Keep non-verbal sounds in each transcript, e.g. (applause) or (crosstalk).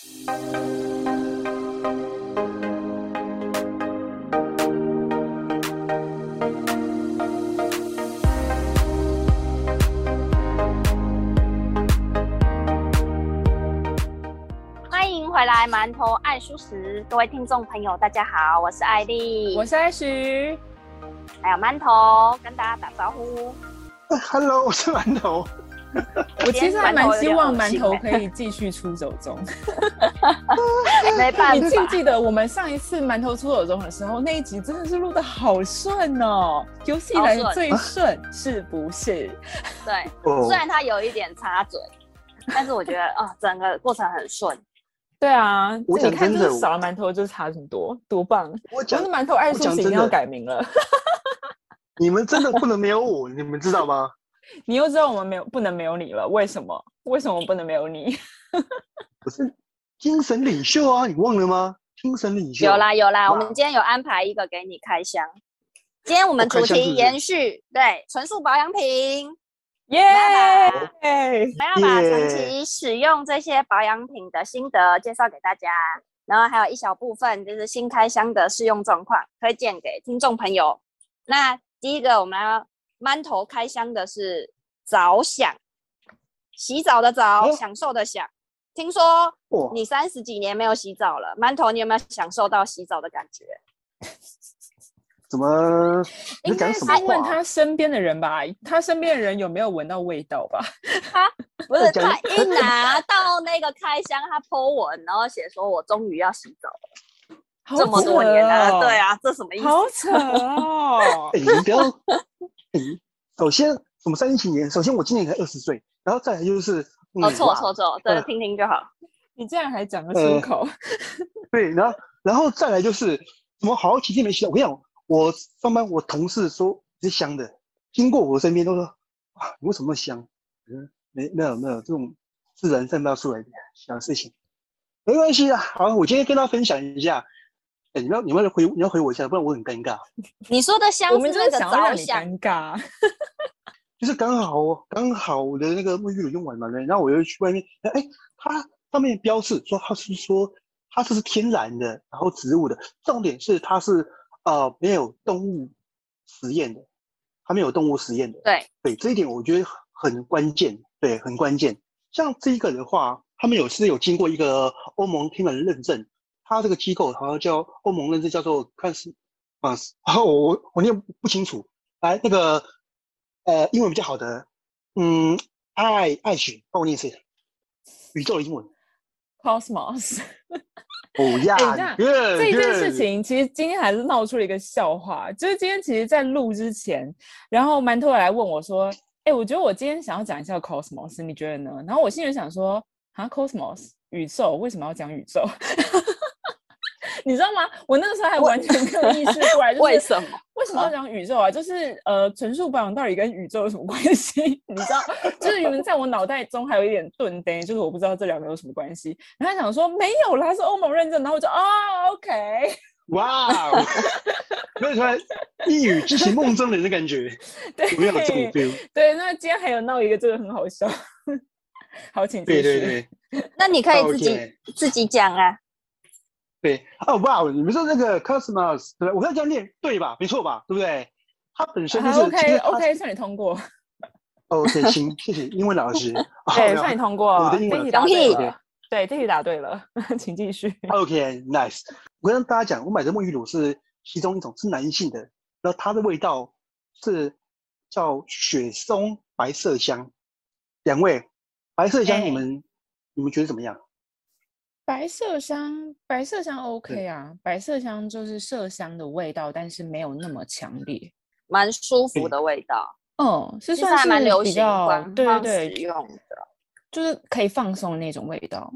歡迎回來，饅頭愛舒適。各位聽眾朋友，大家好，我是艾莉，我是艾許，還有饅頭跟大家打招呼。啊，Hello，我是饅頭。我其實還蠻希望饅頭可以繼續出手中，出手中、欸 (laughs) 欸。沒辦法，你記不記得我們上一次饅頭出手中的時候，那一集真的是錄得好順哦、喔，遊戲來最順是不是？對，哦、雖然他有一點插嘴，但是我覺得啊、哦，整個過程很順。對啊，你看真的少了饅頭就差很多，多棒！我覺得饅頭愛出名要改名了。你們真的不能沒有我，你們知道嗎？ (laughs) 你又知道我們沒有不能沒有你了？為什麼？為什麼我不能沒有你？不 (laughs) 是精神領袖啊！你忘了嗎？精神領袖。有啦，有啦、啊，我們今天有安排一個給你開箱。今天我們主題延續，哦、是是對純素保養品，耶！我們要把長期使用這些保養品的心得介紹給大家，yeah! 然後還有一小部分就是新開箱的試用狀況，推薦給聽眾朋友。那第一個我們要。饅頭開箱的是“澡享”，洗澡的澡“澡、啊，享受的“享”。聽說你三十幾年沒有洗澡了，饅頭，你有沒有享受到洗澡的感覺？怎麼？你該問他，他身邊的人吧，他身邊人有沒有聞到味道吧？他、啊、不是他一拿到那個開箱，他 po 文然後寫說我終於要洗澡了，哦、這麼多年了、啊，對啊，這什麼意思？好扯哦！ (laughs) 欸 (laughs) 嗯，首先我們三十七年，首先我今年才二十歲，然後再來就是，哦，嗯、錯錯錯，對、嗯，聽聽就好。你這樣還講得出口、呃？對，然後然後再來就是，什麼好幾天沒洗？我跟你講，我上班我同事說是香的，經過我身邊都說，哇，有什麼香？嗯，沒有沒有沒有這種自然散發出來的點小事情，沒關係啊。好，我今天跟他分享一下。哎、欸，你要，你要回，你要回我一下，不然我很尷尬。 (laughs) 你說的香，我們真的想要讓你尷尬。就是剛好，剛好我的那個沐浴露用完了，然後我又去外面。哎、欸，它上面標示說它是，是說它是天然的，然後植物的。重點是它是呃沒有動物實驗的，它沒有動物實驗的。對對，這一點我覺得很關鍵，對，很關鍵。像這一個的話，他們有是有經過一個歐盟天然認證。他這個機構好像叫歐盟認證，叫做看似、啊。s 然後我我念不，不清楚。哎、啊，那個呃英文比較好的，嗯，愛愛群幫我念一下。宇宙的英文 cosmos、oh, yeah. 欸。不要。等、yeah, yeah. 一下，這一件事情其實今天還是鬧出了一個笑話，就是今天其實在錄之前，然後饅頭來問我說：“哎、欸，我覺得我今天想要講一下 cosmos，你覺得呢？”然後我心裡想說：“啊，cosmos 宇宙為什麼要講宇宙？” (laughs) 你知道嗎？我那個時候還完全沒有意識過來、就是，為什麼為什麼要講宇宙啊？就是呃，純素保養到底跟宇宙有什麼關係？你知道，就是有人在我腦袋中還有一點鈍呆，就是我不知道這兩個有什麼關係。然後想說沒有啦，是歐盟認證。然後我就哦 o、okay、k 哇，w 所以他一語驚醒夢中人的感覺， (laughs) 對不要這種 feel？對，那今天還有鬧一個，這個很好笑。好，請繼續。對對對， (laughs) 那你可以自己、okay. 自己講啊。對啊、哦，哇！你們說那個 COSMOS，對吧，我剛剛念對吧？沒錯吧？對不對？他本身就是、啊啊、OK OK，算你通過。OK，行， (laughs) 謝謝英文老師。Oh, 對，okay, 算你通過。我的英語答對了。Okay. 對，這題答對了， (laughs) 請繼續。OK，Nice、okay。我跟大家講，我買的沐浴乳是其中一種，是男性的，然後它的味道是叫雪松、白色香。兩位，白色香，你們、okay. 你們覺得怎麼樣？白色香，白色香 OK 啊，白色香就是麝香的味道，但是沒有那麼強烈，蠻舒服的味道。嗯，是算還蠻流行的。對對使用的，就是可以放鬆那種味道。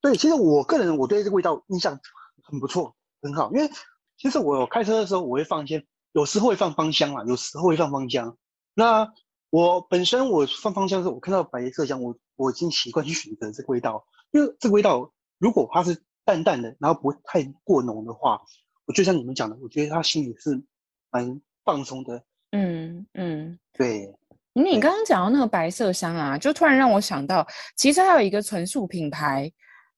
對，其實我個人我對這個味道印象很不錯，很好，因為其實我開車的時候我會放一些，有時候會放芳香啦，有時候會放芳香。那我本身我放芳香的時候，我看到白色香，我我已經習慣去選擇這個味道。因為這個味道，如果它是淡淡的，然後不會太過濃的話，我就像你們講的，我覺得他心裡是蠻放鬆的。嗯嗯，對。你剛剛講到那個白麝香啊，就突然讓我想到，其實還有一個純素品牌，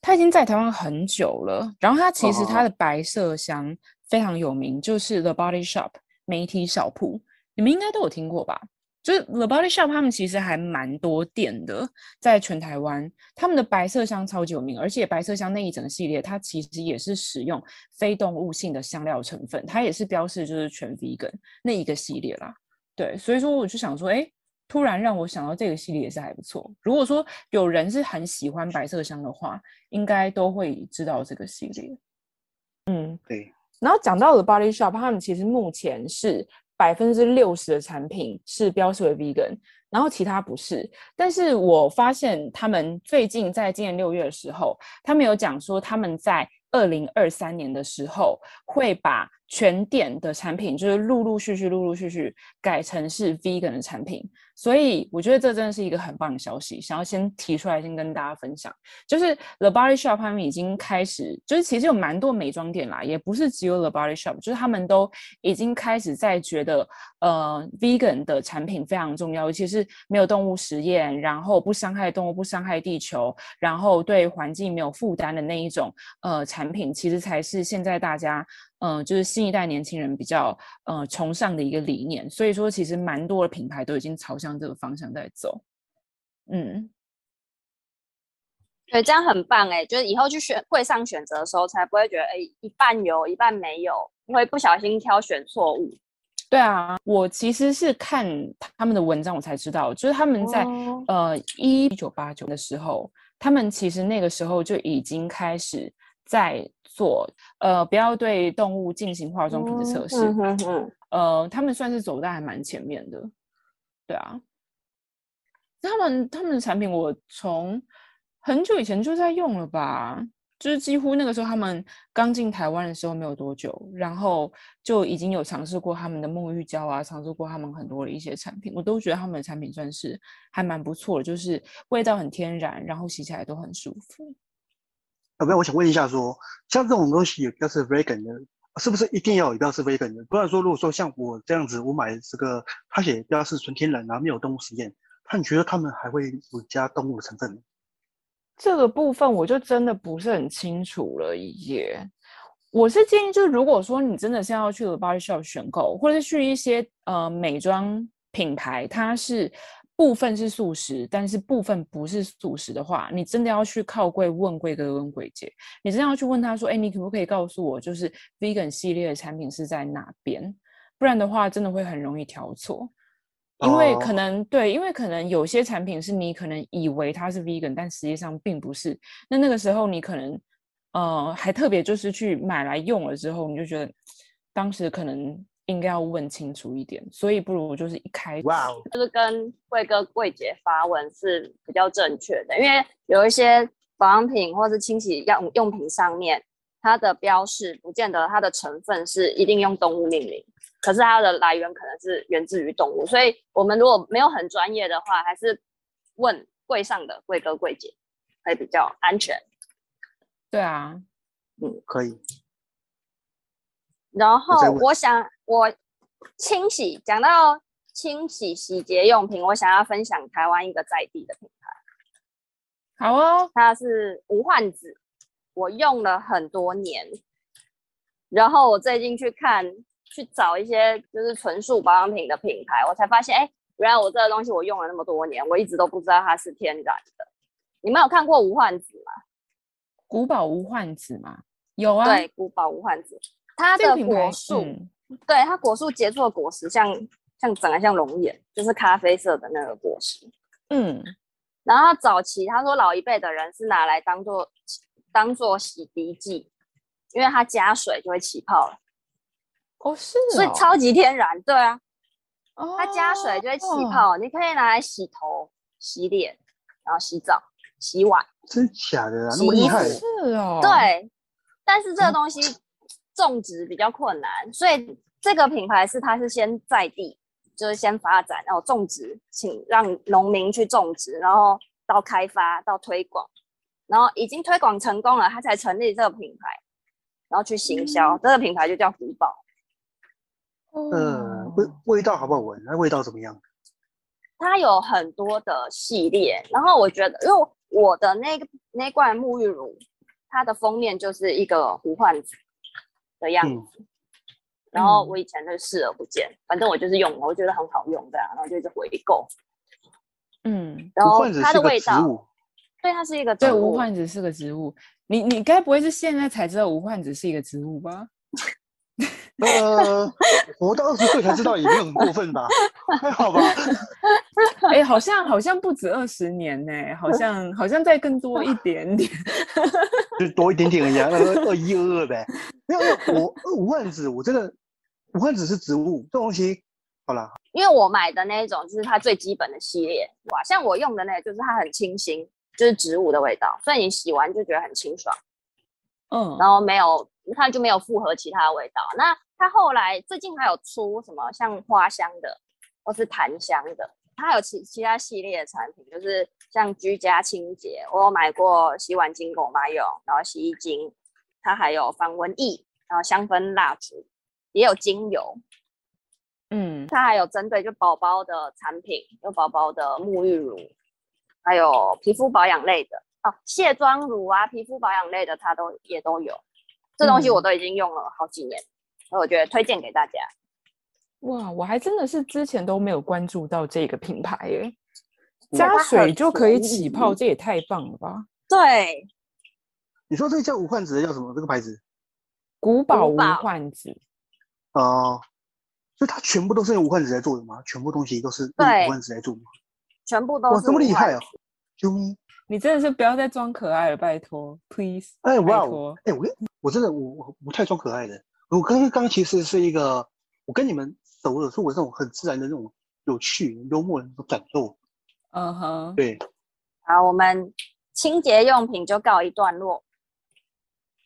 它已經在台灣很久了，然後它其實它的白麝香非常有名，啊、就是 The Body Shop 美體小舖，你們應該都有聽過吧？就是 The Body Shop，他們其實還蠻多店的，在全台灣，他們的白色香超級有名，而且白色香那一整個系列，它其實也是使用非動物性的香料成分，它也是標示就是全 vegan 那一個系列啦。對，所以說我就想說，哎、欸，突然讓我想到這個系列也是還不錯。如果說有人是很喜歡白色香的話，應該都會知道這個系列。嗯，對。然後講到 The Body Shop，他們其實目前是。百分之六十的產品是標示為 Vegan，然後其他不是。但是我發現他們最近在今年六月的時候，他們有講說他們在。二零二三年的時候，會把全店的產品就是陸陸續續、陸陸續續改成是 vegan 的產品，所以我覺得這真的是一個很棒的消息，想要先提出來，先跟大家分享。就是 The Body Shop 他們已經開始，就是其實有蠻多美妝店啦，也不是只有 The Body Shop，就是他們都已經開始在覺得，呃，vegan 的產品非常重要，尤其是沒有動物實驗，然後不傷害動物、不傷害地球，然後對環境沒有負擔的那一種，呃，產。產品其實才是現在大家，嗯、呃，就是新一代年輕人比較，嗯、呃，崇尚的一個理念。所以說，其實蠻多的品牌都已經朝向這個方向在走。嗯，對，這樣很棒哎，就是以後去選櫃上選擇的時候，才不會覺得哎、欸，一半有一半沒有，因為不小心挑選錯誤。對啊，我其實是看他們的文章，我才知道，就是他們在、oh. 呃一九八九的時候，他們其實那個時候就已經開始。在做，呃，不要對動物進行化妝品的測試。嗯嗯，嗯。呃，他們算是走在還蠻前面的。對啊，他們他們的產品我從很久以前就在用了吧，就是幾乎那個時候他們剛進台灣的時候沒有多久，然後就已經有嘗試過他們的沐浴膠啊，嘗試過他們很多的一些產品，我都覺得他們的產品算是還蠻不錯的，就是味道很天然，然後洗起來都很舒服。要不要？我想問一下說，說像這種東西，只要是 vegan 的，是不是一定要有，必定要是 vegan 的？不然說，如果說像我這樣子，我買這個，它也只要是純天然，然後沒有動物實驗，那你覺得他們還會有加動物的成分？這個部分我就真的不是很清楚了，也，我是建議，就是如果說你真的是要去 The Body Shop 選購，或者是去一些呃美妝品牌，它是。部分是素食，但是部分不是素食的話，你真的要去靠櫃問櫃哥跟櫃姐，你真的要去問他說：“哎、欸，你可不可以告訴我，就是 vegan 系列的產品是在哪邊？不然的話，真的會很容易挑錯，因為可能、oh. 對，因為可能有些產品是你可能以為它是 vegan，但實際上並不是。那那個時候你可能，呃，還特別就是去買來用了之後，你就覺得當時可能。”應該要問清楚一點，所以不如就是一開始，wow. 就是跟櫃哥櫃姐發文是比較正確的，因為有一些保養品或者是清洗用用品上面，它的標示不見得它的成分是一定用動物命名，可是它的來源可能是源自於動物，所以我們如果沒有很專業的話，還是問櫃上的櫃哥櫃姐會比較安全。對啊，嗯，可以。然後我，我想。我清洗，講到清洗洗潔用品，我想要分享台灣一個在地的品牌。好哦，它是無患子，我用了很多年。然後我最近去看去找一些就是純素保養品的品牌，我才發現，哎，原來我這個東西我用了那麼多年，我一直都不知道它是天然的。你們有看過無患子嗎？古寶無患子嗎？有啊，對，古寶無患子，它的果樹，這個對，它果樹結出的果實像，像像長得像龍眼，就是咖啡色的那個果實。嗯，然後它早期他說老一輩的人是拿來當做當做洗滌劑，因為它加水就會起泡了。哦，是哦，所以超級天然。對啊。哦，它加水就會起泡，哦，你可以拿來洗頭、洗臉，然後洗澡、洗碗。真假的啊？洗衣服。那麼厲害，是哦。對，但是這個東西。種植比較困難，所以這個品牌是它是先在地，就是先發展，然後種植，請讓農民去種植，然後到開發到推廣，然後已經推廣成功了，它才成立這個品牌，然後去行銷，嗯、這個品牌就叫古寶。嗯，味、呃、味道好不好聞？那味道怎麼樣？它有很多的系列，然後我覺得，因為我的那個那一罐沐浴乳，它的封面就是一個無患子。的樣子、嗯，然後我以前就是視而不見、嗯，反正我就是用了，我覺得很好用這樣、啊，然後就一直回購。嗯，然後它的味道，對，它是一個對無患子是,是個植物，你你該不會是現在才知道無患子是一個植物吧？ (laughs) 呃，活到二十歲才知道，也沒有很過分吧？ (laughs) 還好吧？哎、欸，好像好像不止二十年呢、欸，好像、嗯、好像再更多一點點， (laughs) 就多一點點那樣、嗯，二一二二唄。沒有，無、無患子，我真的無患子是植物，這東西好了，因為我買的那一種就是它最基本的系列哇，像我用的那，就是它很清新，就是植物的味道，所以你洗完就覺得很清爽，嗯，然後沒有它就沒有複合其他的味道，那。它後來最近還有出什麼像花香的，或是檀香的，它還有其其他系列的產品，就是像居家清潔，我有買過洗碗精跟我媽用，然後洗衣精，它還有防蚊液，然後香氛蠟燭，也有精油，嗯，它還有針對就寶寶的產品，有寶寶的沐浴乳，還有皮膚保養類的哦、啊，卸妝乳啊，皮膚保養類的它都也都有、嗯，這東西我都已經用了好幾年。那我覺得推薦給大家。哇，我還真的是之前都沒有關注到這個品牌耶！加水就可以起泡，這也太棒了吧！對。你說這叫無患子的叫什麼？這個牌子？古寶無患子。哦，就、呃、它全部都是用無患子來做的嗎？全部東西都是用無患子來做嗎？全部都是無患子。哇，這麼厲害啊、哦！啾咪， (noise) 你真的是不要再裝可愛了，拜托，please。哎，拜託，哎，我我真的我我，我不太裝可愛的。我剛剛其實是一個，我跟你們熟了，是我這種很自然的那種有趣、幽默的那種感受。嗯哼，uh -huh. 對。好，我們清潔用品就告一段落。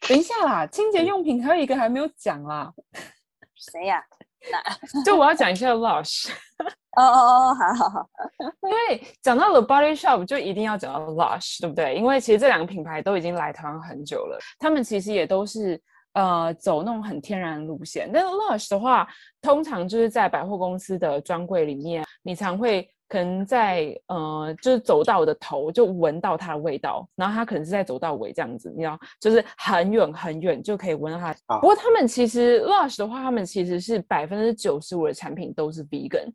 等一下啦，清潔用品還有一個還沒有講啦。 (laughs) 誰呀、啊？ (laughs) 就我要講一下 Lush。哦哦哦，好，好，好。因為講到了 Body Shop，就一定要講到 Lush，對不對？因為其實這兩個品牌都已經來台灣很久了，他們其實也都是。呃，走那種很天然的路線。那 Lush 的話，通常就是在百貨公司的專櫃裡面，你常會可能在呃，就是走到我的頭就聞到它的味道，然後它可能是在走到尾這樣子，你知道，就是很遠很遠就可以聞到它。Oh. 不過他們其實 Lush 的話，他們其實是百分之九十五的產品都是 vegan，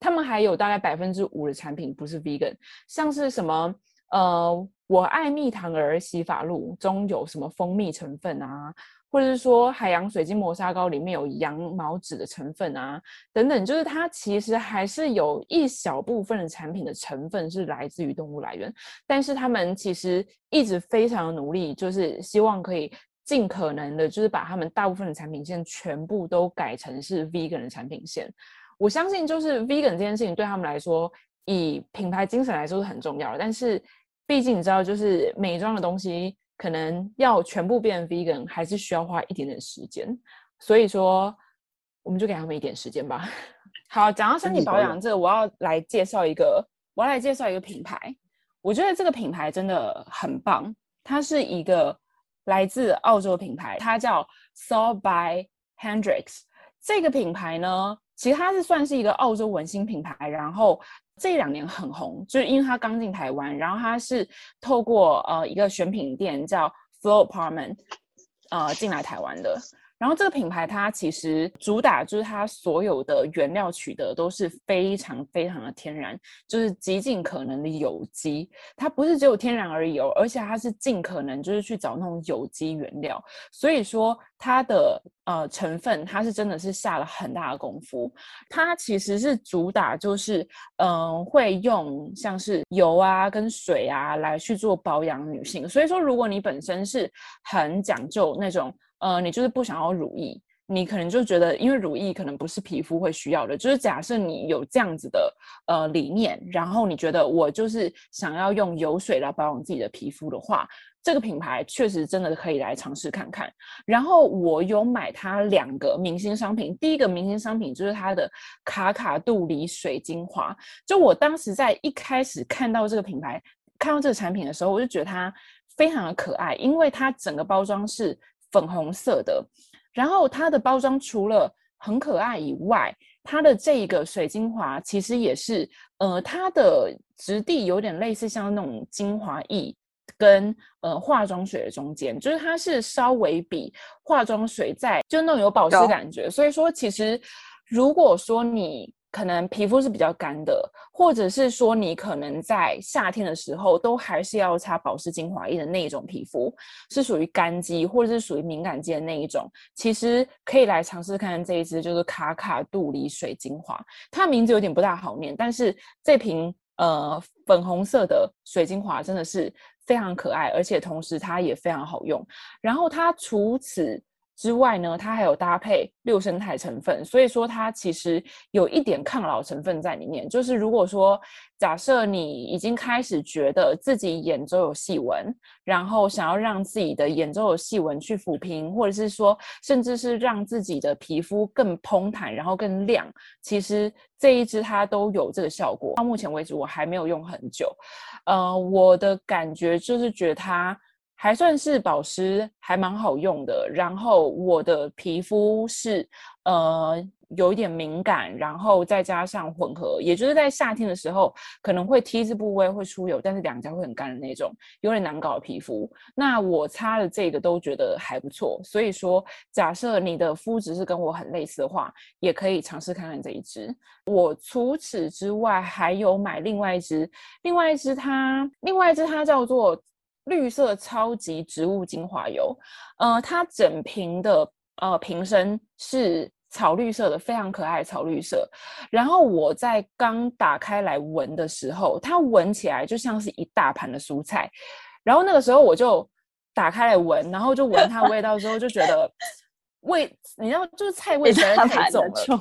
他們還有大概百分之五的產品不是 vegan，像是什麼呃，我愛蜜糖兒洗髮露中有什麼蜂蜜成分啊？或者是說，海洋水晶磨砂膏裡面有羊毛脂的成分啊，等等，就是它其實還是有一小部分的產品的成分是來自於動物來源，但是他們其實一直非常努力，就是希望可以盡可能的，就是把他們大部分的產品線全部都改成是 vegan 的產品線。我相信，就是 vegan 這件事情對他們來說，以品牌精神來說是很重要的。但是，畢竟你知道，就是美妝的東西。可能要全部變 vegan 還是需要花一點點時間，所以說我們就給他們一點時間吧。好，講到身體保養，這我要來介紹一個，我要來介紹一個品牌。我覺得這個品牌真的很棒，它是一個來自澳洲品牌，它叫 SALT By Hendrix。這個品牌呢，其實它是算是一個澳洲文心品牌，然後，這兩年很紅，就是因為他剛進台灣，然後他是透過呃一個選品店叫 Flow Apartment，呃進來台灣的。然後這個品牌它其實主打就是它所有的原料取得都是非常非常的天然，就是極盡可能的有機。它不是只有天然而已哦，而且它是盡可能就是去找那種有機原料。所以說它的呃成分它是真的是下了很大的功夫。它其實是主打就是嗯、呃、會用像是油啊跟水啊來去做保養女性。所以說如果你本身是很講究那種。呃，你就是不想要乳液，你可能就覺得，因為乳液可能不是皮膚會需要的。就是假設你有這樣子的呃理念，然後你覺得我就是想要用油水來保養自己的皮膚的話，這個品牌確實真的可以來嘗試看看。然後我有買它兩個明星商品，第一個明星商品就是它的卡卡杜李水精華。就我當時在一開始看到這個品牌，看到這個產品的時候，我就覺得它非常的可愛，因為它整個包裝是。粉紅色的，然後它的包裝除了很可愛以外，它的這個水精華其實也是，呃，它的質地有點類似像那種精華液跟呃化妝水的中間，就是它是稍微比化妝水在就那種有保濕感覺，哦、所以說其實如果說你。可能皮膚是比較乾的，或者是說你可能在夏天的時候都還是要擦保濕精華液的那一種皮膚，是屬於乾肌或者是屬於敏感肌的那一種，其實可以來嘗試看這一支，就是卡卡杜李水精華。它名字有點不大好念，但是這瓶呃粉紅色的水精華真的是非常可愛，而且同時它也非常好用。然後它除此，之外呢，它還有搭配六勝肽成分，所以說它其實有一點抗老成分在裡面。就是如果說假設你已經開始覺得自己眼周有細紋，然後想要讓自己的眼周有細紋去撫平，或者是說甚至是讓自己的皮膚更蓬彈，然後更亮，其實這一支它都有這個效果。到目前為止我還沒有用很久，呃，我的感覺就是覺得它。還算是保濕，還蠻好用的。然後我的皮膚是，呃，有一點敏感，然後再加上混合，也就是在夏天的時候可能會 T 字部位會出油，但是兩頰會很乾的那種，有點難搞的皮膚。那我擦的這個都覺得還不錯，所以說假設你的膚質是跟我很類似的話，也可以嘗試看看這一支。我除此之外，還有買另外一支，另外一支它，另外一支它叫做。綠色超級植物精華油，呃，它整瓶的呃瓶身是草綠色的，非常可愛草綠色。然後我在剛打開來聞的時候，它聞起來就像是一大盤的蔬菜。然後那個時候我就打開來聞，然後就聞它味道之後就覺得 (laughs) 味，你知道，就是菜味實在太重了。重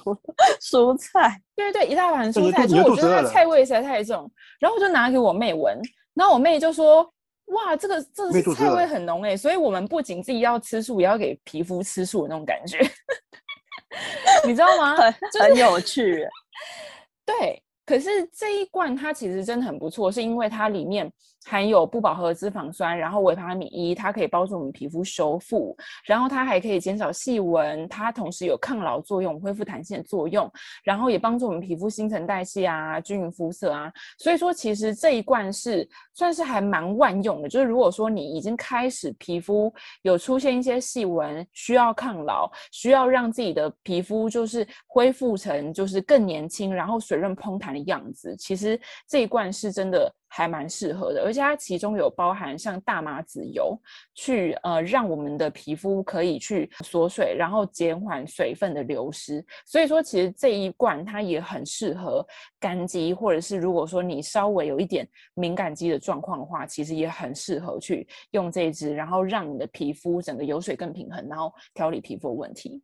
蔬菜，對對對，一大盤蔬菜，就我覺得它菜味實在太重。然後我就拿給我妹聞，然後我妹就說。哇，這個這個是菜味很濃欸，所以我們不僅自己要吃素，也要給皮膚吃素的那種感覺， (laughs) 你知道嗎？很，就是，很有趣。 (laughs) 對，可是這一罐它其實真的很不錯，是因為它裡面。含有不飽和脂肪酸，然後維他命 E，它可以幫助我們皮膚修復，然後它還可以減少細紋，它同時有抗老作用、恢復彈性的作用，然後也幫助我們皮膚新陳代謝啊、均勻膚色啊。所以說，其實這一罐是算是還蠻萬用的。就是如果說你已經開始皮膚有出現一些細紋，需要抗老，需要讓自己的皮膚就是恢復成就是更年輕，然後水潤膨彈的樣子，其實這一罐是真的。還蠻適合的，而且它其中有包含像大麻籽油，去呃讓我們的皮膚可以去鎖水，然後減緩水分的流失。所以說，其實這一罐它也很適合乾肌，或者是如果說你稍微有一點敏感肌的狀況的話，其實也很適合去用這支，然後讓你的皮膚整個油水更平衡，然後調理皮膚問題。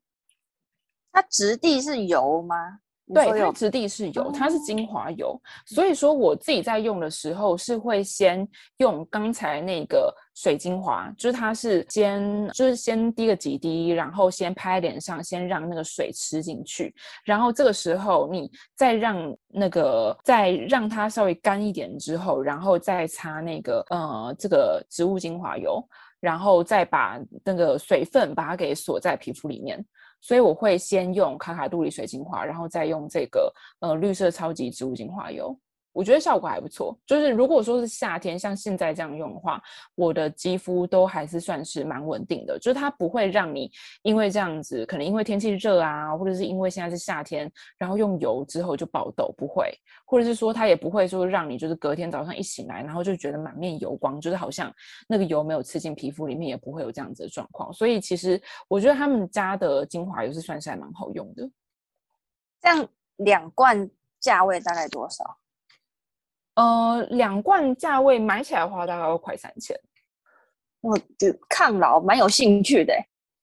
它質地是油嗎？對，它質地是油，它是精華油，所以說我自己在用的時候是會先用剛才那個水精華，就是它是先就是先滴個幾滴，然後先拍臉上，先讓那個水吃進去，然後這個時候你再讓那個再讓它稍微乾一點之後，然後再擦那個呃這個植物精華油，然後再把那個水分把它給鎖在皮膚裡面。所以我會先用卡卡杜李水精華，然後再用這個呃綠色超級植物精華油。我覺得效果還不錯，就是如果說是夏天像現在這樣用的話，我的肌膚都還是算是蠻穩定的，就是它不會讓你因為這樣子，可能因為天氣熱啊，或者是因為現在是夏天，然後用油之後就爆痘不會，或者是說它也不會說讓你就是隔天早上一醒來，然後就覺得滿面油光，就是好像那個油沒有刺進皮膚裡面，也不會有這樣子的狀況。所以其實我覺得他們家的精華油是算是還蠻好用的。這樣兩罐價位大概多少？呃，兩罐價位買起來的話，大概要快三千。我對抗老蠻有興趣的，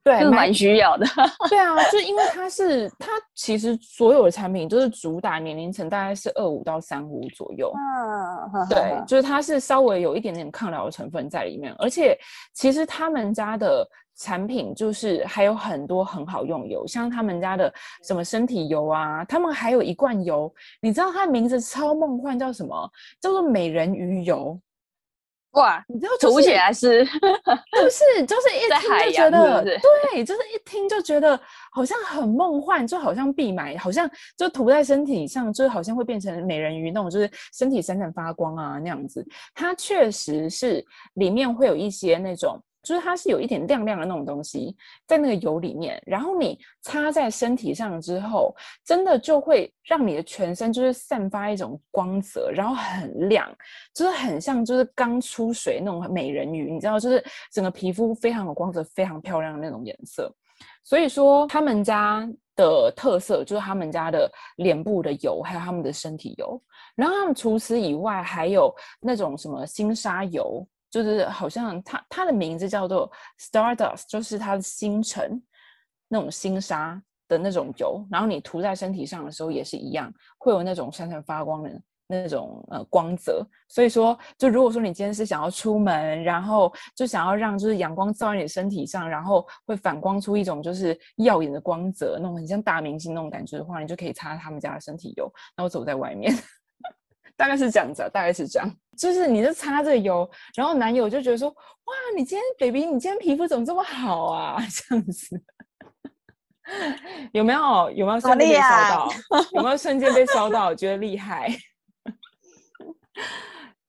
對，蠻需要的。對啊， (laughs) 就因為它是它其實所有的產品都是主打年齡層，大概是二五到三五左右。嗯、啊，對，呵呵就是它是稍微有一點點抗老的成分在裡面，而且其實他們家的。產品就是還有很多很好用油，像他們家的什麼身體油啊，他們還有一罐油，你知道它的名字超夢幻，叫什麼？叫做美人魚油。哇，你知道塗起來是？是 (laughs) 就是，就是一聽就覺得，對，就是一聽就覺得好像很夢幻，就好像必買，好像就塗在身體上，就是，好像會變成美人魚那種，就是身體閃閃發光啊那樣子。它確實是裡面會有一些那種。就是它是有一點亮亮的那種東西，在那個油裡面，然後你擦在身體上之後，真的就會讓你的全身就是散發一種光澤，然後很亮，就是很像就是剛出水那種美人魚，你知道，就是整個皮膚非常有光澤，非常漂亮的那種顏色。所以說，他們家的特色就是他們家的臉部的油，還有他們的身體油，然後他們除此以外還有那種什麼星沙油。就是好像它它的名字叫做 Stardust，就是它的星辰那種星沙的那種油，然後你塗在身體上的時候也是一樣，會有那種閃閃發光的那種呃光澤。所以說，就如果說你今天是想要出門，然後就想要讓就是陽光照在你的身體上，然後會反光出一種就是耀眼的光澤，那種很像大明星那種感覺的話，你就可以擦他們家的身體油，然後走在外面。大概是這樣子、啊，大概是這樣，就是你就擦着油，然後男友就覺得說，哇，你今天 baby，你今天皮膚怎麼這麼好啊？這樣子， (laughs) 有沒有有沒有瞬間被燒到？有沒有瞬間被燒到？哦、厲害有沒有到 (laughs) 覺得厲害？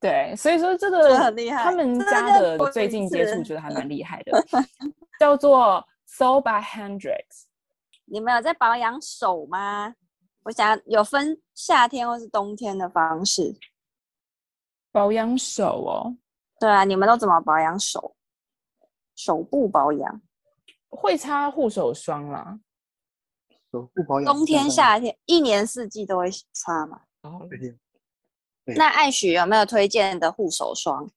(laughs) 對，所以說這個很厲害他們家的最近接觸覺得還蠻厲害的，的害 (laughs) 叫做 SALT By Hendrix 你們有在保養手嗎？我想要有分夏天或是冬天的方式保養手哦。對啊，你們都怎麼保養手？手部保養會擦護手霜啦、啊，手部保養冬天、夏天、一年四季都會擦嘛。哦，那艾許有沒有推薦的護手霜？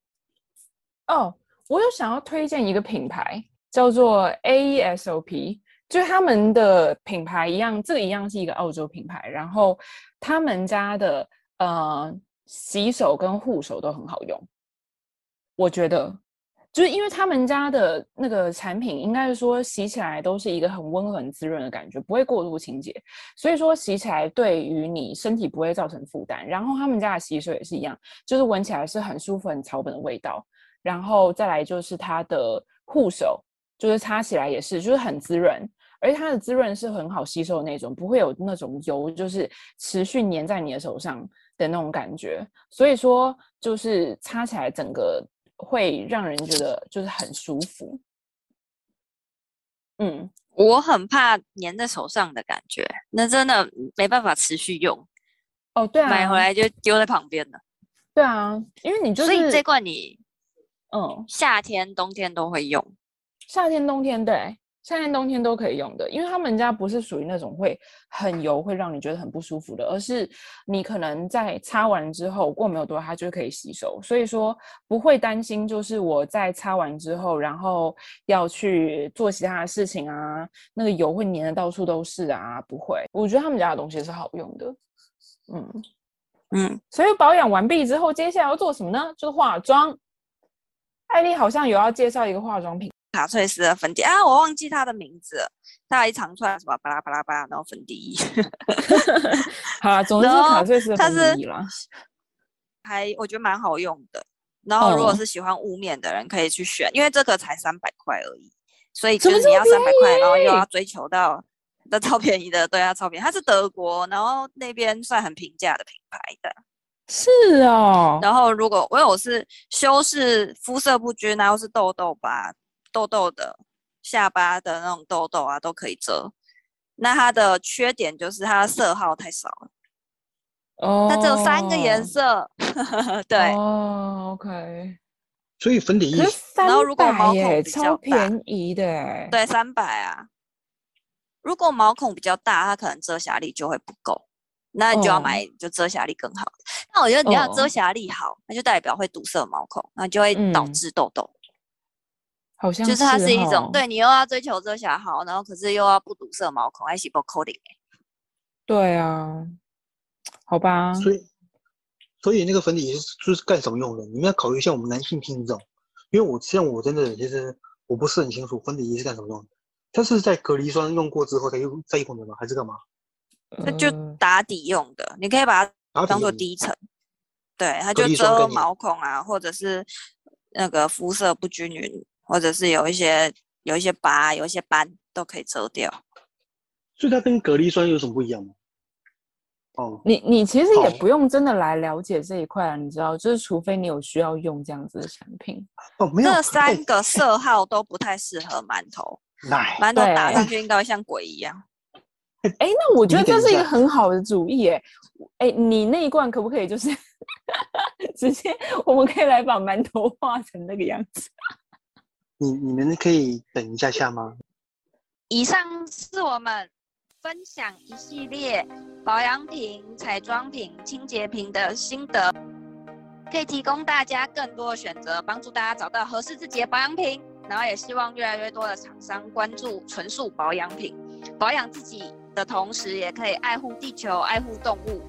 哦，我有想要推薦一個品牌，叫做 AESOP。就他們的品牌一樣，這個一樣是一個澳洲品牌。然後他們家的呃洗手跟護手都很好用，我覺得，就是因為他們家的那個產品，應該是說洗起來都是一個很溫和、很滋潤的感覺，不會過度清潔，所以說洗起來對於你身體不會造成負擔。然後他們家的洗手也是一樣，就是聞起來是很舒服、很草本的味道。然後再來就是它的護手。就是擦起來也是，就是很滋潤，而且它的滋潤是很好吸收的那種，不會有那種油，就是持續粘在你的手上的那種感覺。所以說，就是擦起來整個會讓人覺得就是很舒服。嗯，我很怕粘在手上的感覺，那真的沒辦法持續用。哦，對啊，買回來就丟在旁邊了。對啊，因為你就是這罐你，嗯，夏天冬天都會用。夏天、冬天對，夏天、冬天都可以用的，因為他們家不是屬於那種會很油，會讓你覺得很不舒服的，而是你可能在擦完之後過沒有多久，它就可以吸收，所以說不會擔心，就是我在擦完之後，然後要去做其他的事情啊，那個油會粘的到處都是啊，不會，我覺得他們家的東西是好用的，嗯嗯，所以保養完畢之後，接下來要做什麼呢？就是化妝，艾莉好像有要介紹一個化妝品。卡翠絲的粉底啊，我忘記它的名字了。它還長串什麼巴拉巴拉巴拉那種粉底液， (laughs) (laughs) 好，總之卡翠絲它是。還我覺得蠻好用的。然後如果是喜歡霧面的人可以去選，哦、因為這個才三百塊而已，所以就是你要三百塊，然後又要追求到，追求到那超便宜的，對啊，超便宜。它是德國，然後那邊算很平價的品牌的。是哦。然後如果我有是修飾膚色不均然後是痘痘吧。痘痘的下巴的那種痘痘啊，都可以遮。那它的缺點就是它的色號太少了，oh, 它只有三個顏色、oh, 呵呵。對。哦，OK。所以粉底液，然後如果毛孔比較大，超便宜的。對，三百啊。如果毛孔比較大，它可能遮瑕力就會不夠，那你就要買就遮瑕力更好的、oh. 那我覺得你要遮瑕力好，那就代表會堵塞毛孔，那就會導致痘痘。嗯好像是哦、就是它是一種對你，又要追求遮瑕好，然後可是又要不堵塞毛孔，還細胞隔離。對啊，好吧。所以所以那個粉底液是就是幹什麼用的？你們要考慮一下我們男性聽眾，因為我像我真的其實、就是、我不是很清楚粉底液是幹什麼用的。它是在隔離霜用過之後再用再用粉底嗎？還是幹嘛、嗯？它就打底用的，你可以把它當做第一層。對，它就遮毛孔啊，或者是那個膚色不均勻。或者是有一些有一些疤，有一些斑都可以遮掉，所以它跟隔離霜有什麼不一樣嗎？哦，你你其實也不用真的來了解這一塊、啊哦，你知道，就是除非你有需要用這樣子的產品。哦，沒有，這三個色號都不太適合饅頭，饅頭打上去應該會像鬼一樣。哎、欸，那我覺得這是一個很好的主意、欸，哎，哎、欸，你那一罐可不可以就是 (laughs) 直接，我們可以來把饅頭化成那個樣子。你你們可以等一下下嗎？以上是我們分享一系列保養品、彩妝品、清潔品的心得，可以提供大家更多的選擇，幫助大家找到合適自己的保養品。然後也希望越來越多的廠商關注純素保養品，保養自己的同時也可以愛護地球、愛護動物。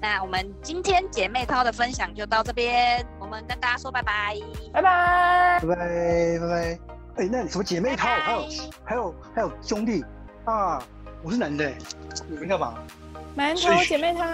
那我們今天姐妹淘的分享就到這邊。我們跟大家說拜拜，拜拜，拜拜，拜拜。哎，那什麼姐妹淘，還有還有還有兄弟啊！我是男的，欸，你們幹嘛？饅頭姐妹淘。